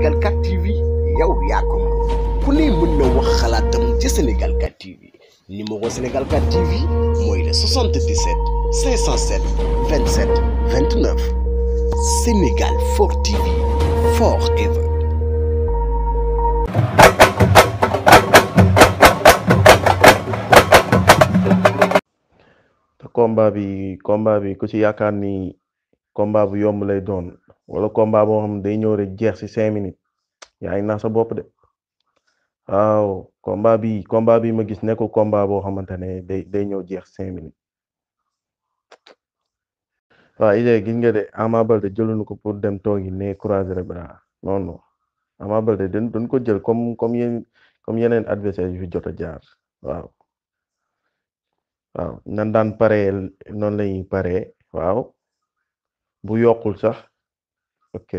Sénégal 4 TV yow yaa ku ne mën na wax xalaatam ci Sénégal 4 TV numéro Sénégal 4 TV Sénégal 4 TV forever. te combat bi combat ku ci yaakaar ni combat bu yomb lay doon. wala combat boo xam day ñëw rek jeex ci cinq minutes yaa ngi naax sa bopp de waaw combat bi combat bi ma gis nekkul combat boo xamante ne day day ñëw jeex cinq minutes waaw idée gis nga de Ama Baldé jëluñu ko pour dem toogi ne croiser les bras non non Ama Baldé dañ ko jël comme comme yeneen comme yeneen adversaire yu fi jot a jaar waaw nan daan pare noonu lañuy pare waaw bu yokkul sax ok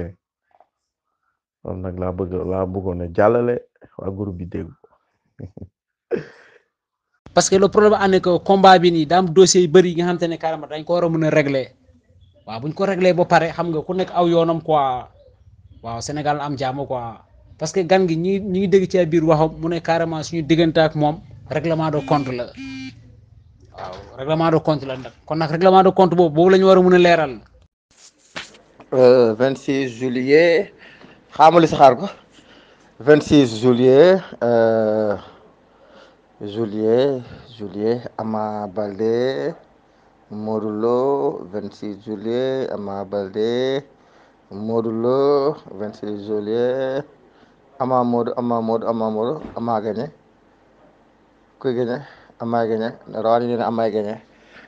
nag laa bëgg laa bëggoon a jàllale waa groupe bi dégg parce que le problème am que combat bi nii daa am dossier yu bëri yi ne carrément dañ ko war a mën a régler waaw bu ko régler ba pare xam nga ku nekk aw yoonam quoi waaw Sénégal am jàmm quoi parce que gan gi ñi ñi ngi dégg ci biir waxam mu ne suñu diggante moom règlement de compte la waaw compte la kon nag règlement compte boobu boobu war a mën leeral. Euh, vingt six juillet xaamali saxaar ko vingt six juillet euh, juillet juillet Ama Baldé Modou Lo vingt six juillet Ama Baldé Modou vingt six juillet Ama Modou Ama Modou Ama Modou Ama gagné kuy gagné Ama gagné rawatina Ama gagné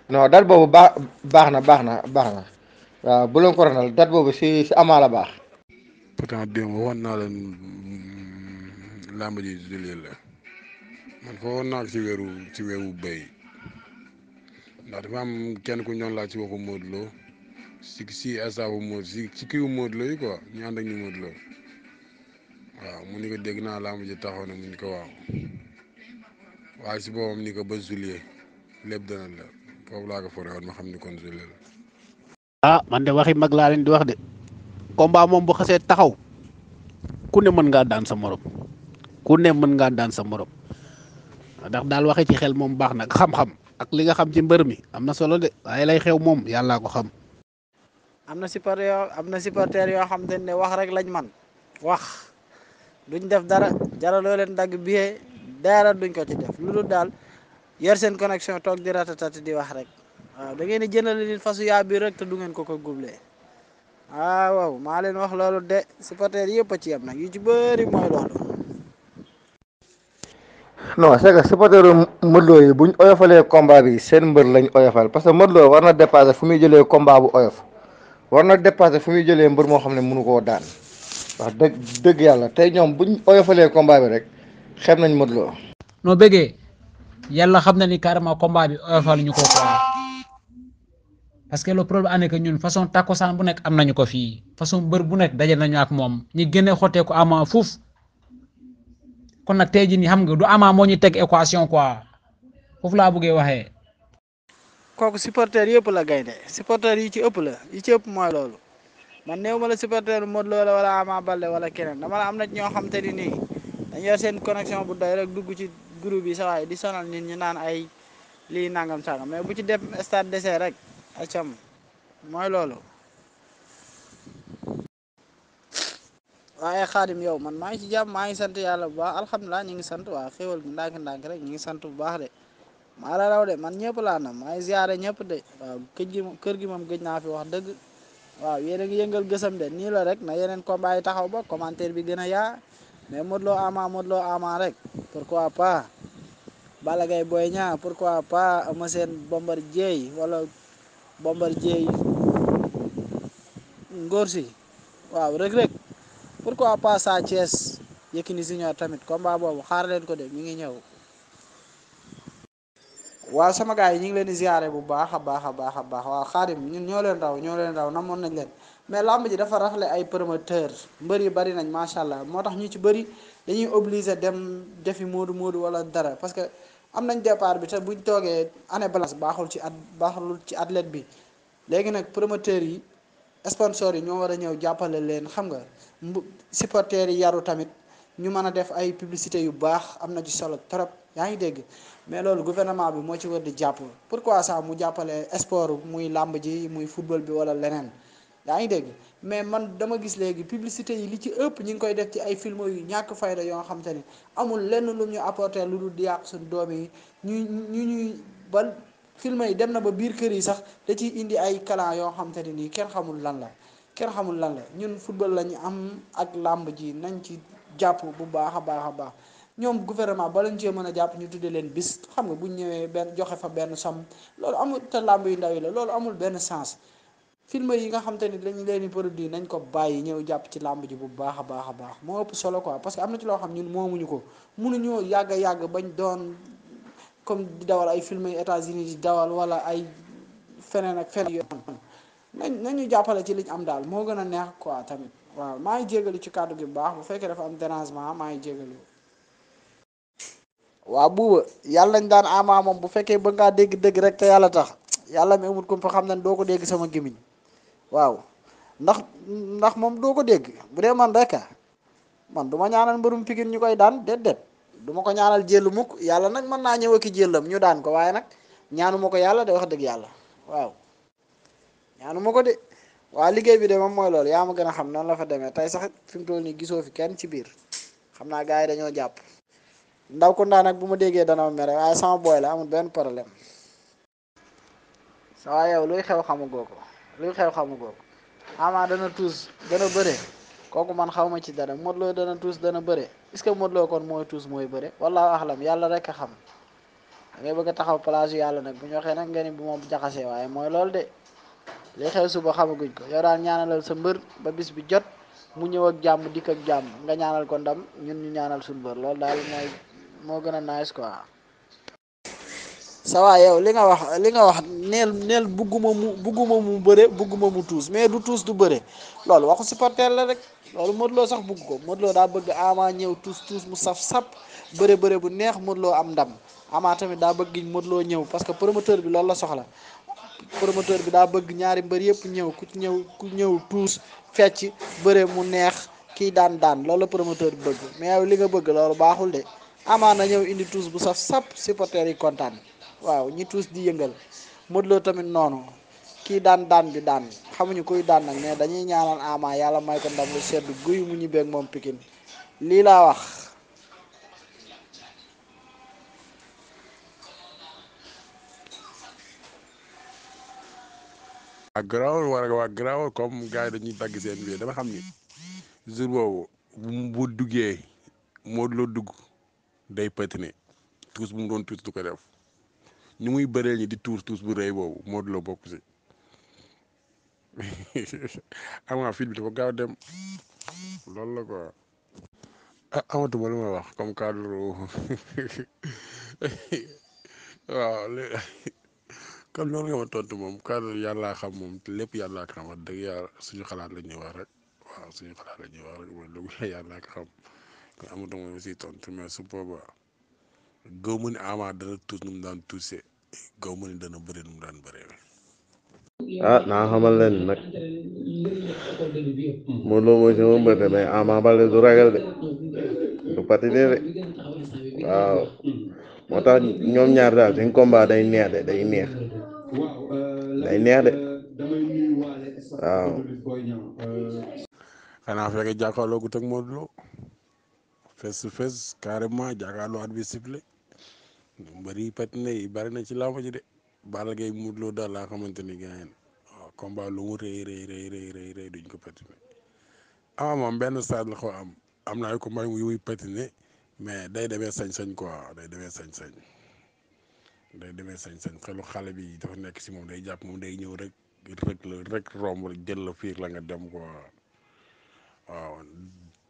non dal boobu baax na baax na baax na. waaw bu leen ko ranal date boobu si si Ama la baax. pourtant démb naa leen mm, làmb ji la man foogoon naa si weeru ci weeru béy ndax dafa am kenn ku ñu laa ci si waxu Modou Lo si si asaabu Modou si si kiwu Modou Lo yi quoi ñu ànd ak ñu Modou Lo waaw mu ni ko dégg naa làmb ji taxaw na mu ni ko waaw waaye si boobam ni ko ba juillet lépp dana la foofu laa ko foree ma xam ni kon juillet la. ah man de waxi mag la len di wax de combat mom bu xasee taxaw ku ne man nga daan sa morom ku ne man nga daan sa morom ndax dal waxe ci xel mom baax nag xam-xam ak li nga xam ci mbeur mi amna solo de waaye lay xew mom yalla ko xam. am na yo amna supporter yo xam den ne wax rek lañ man wax duñ def dara lo len dag biye dara duñ ko ci def lulu dal yer sen connexion di di wax rek. waaw ah, da ngeen di jëndale nit fasu yaa bi rek te du ngeen ko ko gublee ah waaw maa leen wax loolu de supporter yëpp a ci yem nag yu ci bëri mooy loolu. non c'est que supporteru Modou Lo yi buñ oyofalee combat bi seen mbër lañ oyofal parce que Modou war na dépasser fu muy jëlee combat bu oyof war na dépasser fu muy jëlee mbër moo xam ne mënu koo daan wax dëgg dëgg yàlla tey ñoom buñ oyofalee combat bi rek xem nañ Modou Lo. noo bëggee yàlla xam na ni carrément combat bi oyofal ñu ko parce que le problème ané que ñun façon takosan bu nek am nañu ko fi façon bër bu nek dajé nañu ak mom ñi gëné xoté ko ama fouf kon nak tayji ni xam nga du ama mo ñu tek équation quoi fouf la bëggé waxé koku supporter yépp la gaydé supporter yi ci ëpp la yi ci ëpp moy lolu man neewuma la supporter mod lolu wala ama balé wala kenen dama la am na ño xamanteni ni dañ yor seen connexion bu doy rek dugg ci groupe bi sa way di sonal nit ñi naan ay li nangam sangam mais bu ci dem stade dessert rek acam mooy loolu waaye xaadim yow man maa ngi ci jàmm maa ngi sant yàlla bu baax alhamdulilah ñu ngi sant waa xéwal bi ndànk-ndànk rek ñu ngi sant bu baax de maa la raw de man ñëpp laa na maa ngi ñëpp de waaw kër gi moom gëj naa fi wax dëgg waaw yéen a ngi yëngal gësam de nii la rek na yeneen combat taxaw ba commentaire bi gën a yaa mais Modou Lo Ama Modou Lo Ama rek pas Balla Gaye Boy Niang pourquoi pas Eumeu Sène Bombardier wala bombardier yi ngóor si waaw rek Reug quoi pas Sa Thiès ni Junior tamit combat boobu xaar leen ko de ñu ngi ñëw waaw sama gars yi ñu ngi leen di ziare bu baax a baax a baax a baax waaw xaadim ñun ñoo leen raw ñoo leen raw namoon nañ leen mais làmb ji dafa raxale ay promoteur mbër yi bari nañ macha allah moo tax ñu ci bëri dañuy obligé dem defi moodu moodu wala dara parce am nañ jàppaar bi te buñ toogee année balance baaxul ci at baaxul ci athlète bi léegi nag promoteurs yi sponsors yi ñoo war a ñëw jàppale leen xam nga supporters yi yaru tamit ñu mën a def ay publicité yu baax am na ci solo trop yaa ngi dégg mais loolu gouvernement bi moo ci war di jàpp pourquoi ça mu jàppale sport muy làmb ji muy football bi wala leneen yaa ngi dégg mais man dama gis léegi publicité yi li ci ëpp ñu ngi koy def ci ay film yu ñàkk fayda yoo xam ni amul lenn lu ñu apporter lu dul di yàq suñu doom yi ñu ñu ñuy ba film yi dem na ba biir kër yi sax te ciy indi ay kalan yoo xam ne nii kenn xamul lan la kenn xamul lan la ñun football lañu am ak làmb ji nañ ci jàpp bu baax a baax a baax ñoom gouvernement ba lañ cee mën a jàpp ñu tuddee leen bis xam nga buñ ñëwee benn joxe fa benn somme loolu amul te làmb yu ndaw yi la loolu amul benn sens film yi nga xam te ni dañ leen di produire nañ ko bàyyi ñëw jàpp ci làmb ji bu baax a baax a baax moo ëpp solo quoi parce que am na ci loo xam ñun moomuñu ko mënuñoo yàgg a yàgg bañ doon comme dawal ay film yu États-Unis di wala ay feneen ak feneen yoon nañ nañu jàppale ci liñ am daal moo gën a neex quoi tamit waa maa ngi jégalu ci kàddu gi baax bu fekkee dafa am dérangement maa ngi jégalu waaw buuba yàlla nañ daan ama moom bu fekkee ba ngaa dégg dëgg rek te yàlla tax yàlla mi amul kumpa xam nañ doo ko dégg sama gémmiñ waaw ndax ndax moom doo ko dégg bu dee man rek man duma ma ñaanal mbërum Pikine ñu koy daan déedéet du ma ko ñaanal jéllu mukk yàlla nag mën naa ñëw ki jéllam ñu daan ko waaye nag ñaanu ma ko yàlla de wax dëgg yàlla waaw ñaanu ma ko de waa liggéey bi de moom mooy loolu yaa ma gën a xam noonu la fa demee tey sax fi mu toll nii gisoo fi kenn ci biir xam naa gars yi dañoo jàpp ndaw ko ndaa nag bu ma déggee dana mere waaye sama booy la amul benn problème sa waa luy xew xamagoo ko luy xew xamu ko Ama dana tuus dana bëre kooku man xaw ci dara Modou Lo dana tuus dana bëre est-ce que Modou Lo kon mooy tuus mooy bëre wallahu axlam yàlla rek a xam da ngay bëgg a taxaw place yàlla nag bu ñu waxee nag nga ni bu ma jaxasee waaye mooy loolu de li xew suba xamaguñ ko yow daal ñaanalal sa mbër ba bis bi jot mu ñëw ak jàmm dikk ak jàmm nga ñaanal ko ndam ñun ñu ñaanal suñu mbër loolu daal mooy moo gën a nice quoi. sawa yow li nga wax li nga wax neel neel bugguma mu bugguma mu bëre bugguma mu tuus mais du tuus du bëre loolu waxu supporter la rek loolu Modou Lo sax bugg ko Modou daa bëgg Ama ñëw tuus tuus mu saf sap bëre bëre bu neex Modou Lo am ndam Ama tamit daa bëgg Modou Lo ñëw parce que promoteur bi loolu la soxla promoteur bi daa bëgg ñaari mbër yëpp ñëw ku ci ñëw ku ñëw tuus fecc bëree mu neex kii daan daan loolu la promoteur bi bëgg mais yow li nga bëgg loolu baaxul de Ama na ñëw indi tuus bu saf sap supporter yi kontaan. waaw ñi tuus di yëngal Modou Lo tamit noonu kii daan daan bi daan xamuñu koy daan nag mais dañuy ñaanal Ama yàlla may ko ndam lu sedd guy mu ñibbeeg moom Pikine lii laa wax waa garaawul war waa yi dañuy dagg seen biir dama xam ni jour boobu bu duggee Modou Lo dugg day patiner tuus bu mu doon tuus du ko def ñu muy bëreel ñi di tuur tuus bu rëy boobu Modou Lo bokk si ama fit loolu la quoi ah, ma wax comme cadre waaw kon loolu nga ma tontu moom cadre yàllaa xam moom lépp yàllaa ko xam wax dëgg yàlla suñu xalaat la ñuy wax rek suñu xalaat la ñuy wax lu ma gëw ma ne ama dana tuus nu daan tuusee gaw ma ni dana bëri nu daan bëree ah naa xamal leen nag Modou Lo mooy mais Ama Baldé du ragal de du patiner de waaw moo ñoom ñaar daal seen combat day neex de day neex day neex de waaw xanaa fekk jàkkaarloo gu teg Modou Lo face to face carrément jàkkaarloo at mbër yi patiné yi bari na ci làmb ji de Balla Gaye Modou laa xamante ni gaañ waaw combat lu mu rëy rëy rëy rëy rëy duñ ko patiné ah, moom benn stade la am am na ay combat yu muy mais day demee sañ-sañ quoi day demee sañ-sañ day demee sañ-sañ xelu xale bi dafa nekk si moom day jàpp moom day ñëw rek rek la jël la fiir la nga dem quoi waaw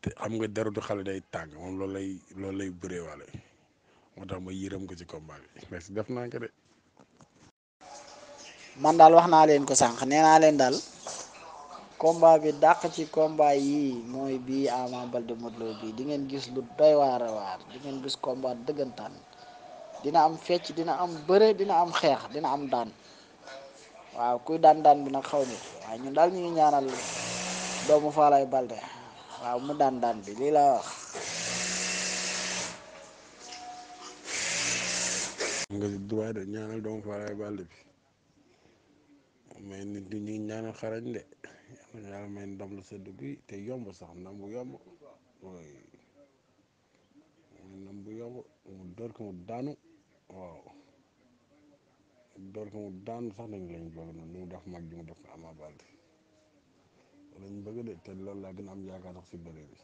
te nga derutu xale day tàng moom loolu lay loolu lay bëree waale moo tax ma yërëm ko ci combat bi mais def naa de. man daal wax naa leen ko sànq nee naa leen daal combat bi dàq ci komba yi mooy bii Ama Baldé Modou Lô bii di ngeen gis lu doy waar a waar di ngeen gis combat dëggantaan dina am fecc dina am bëre dina am xeex dina am daan waaw kuy daan daan bi nag xaw nit waaye ñun daal ñu ñaanal doomu Faalaay Baldé waaw mu daan daan bi lii laa wax. nga si droit de ñaanal doomu Falaye Baldé bi mais nit xarañ de yàlla may ndam lu sedd bi te yomb sax ndam bu yomb mooy ndam bu yomb mu door mu daanu waaw door ko mu daanu sax nañu lañ bëgg noonu ni mu mag ji mu def ko Ama Baldé lañ bëgg de te loolu laa gën a am yaakaar sax si bëre bi.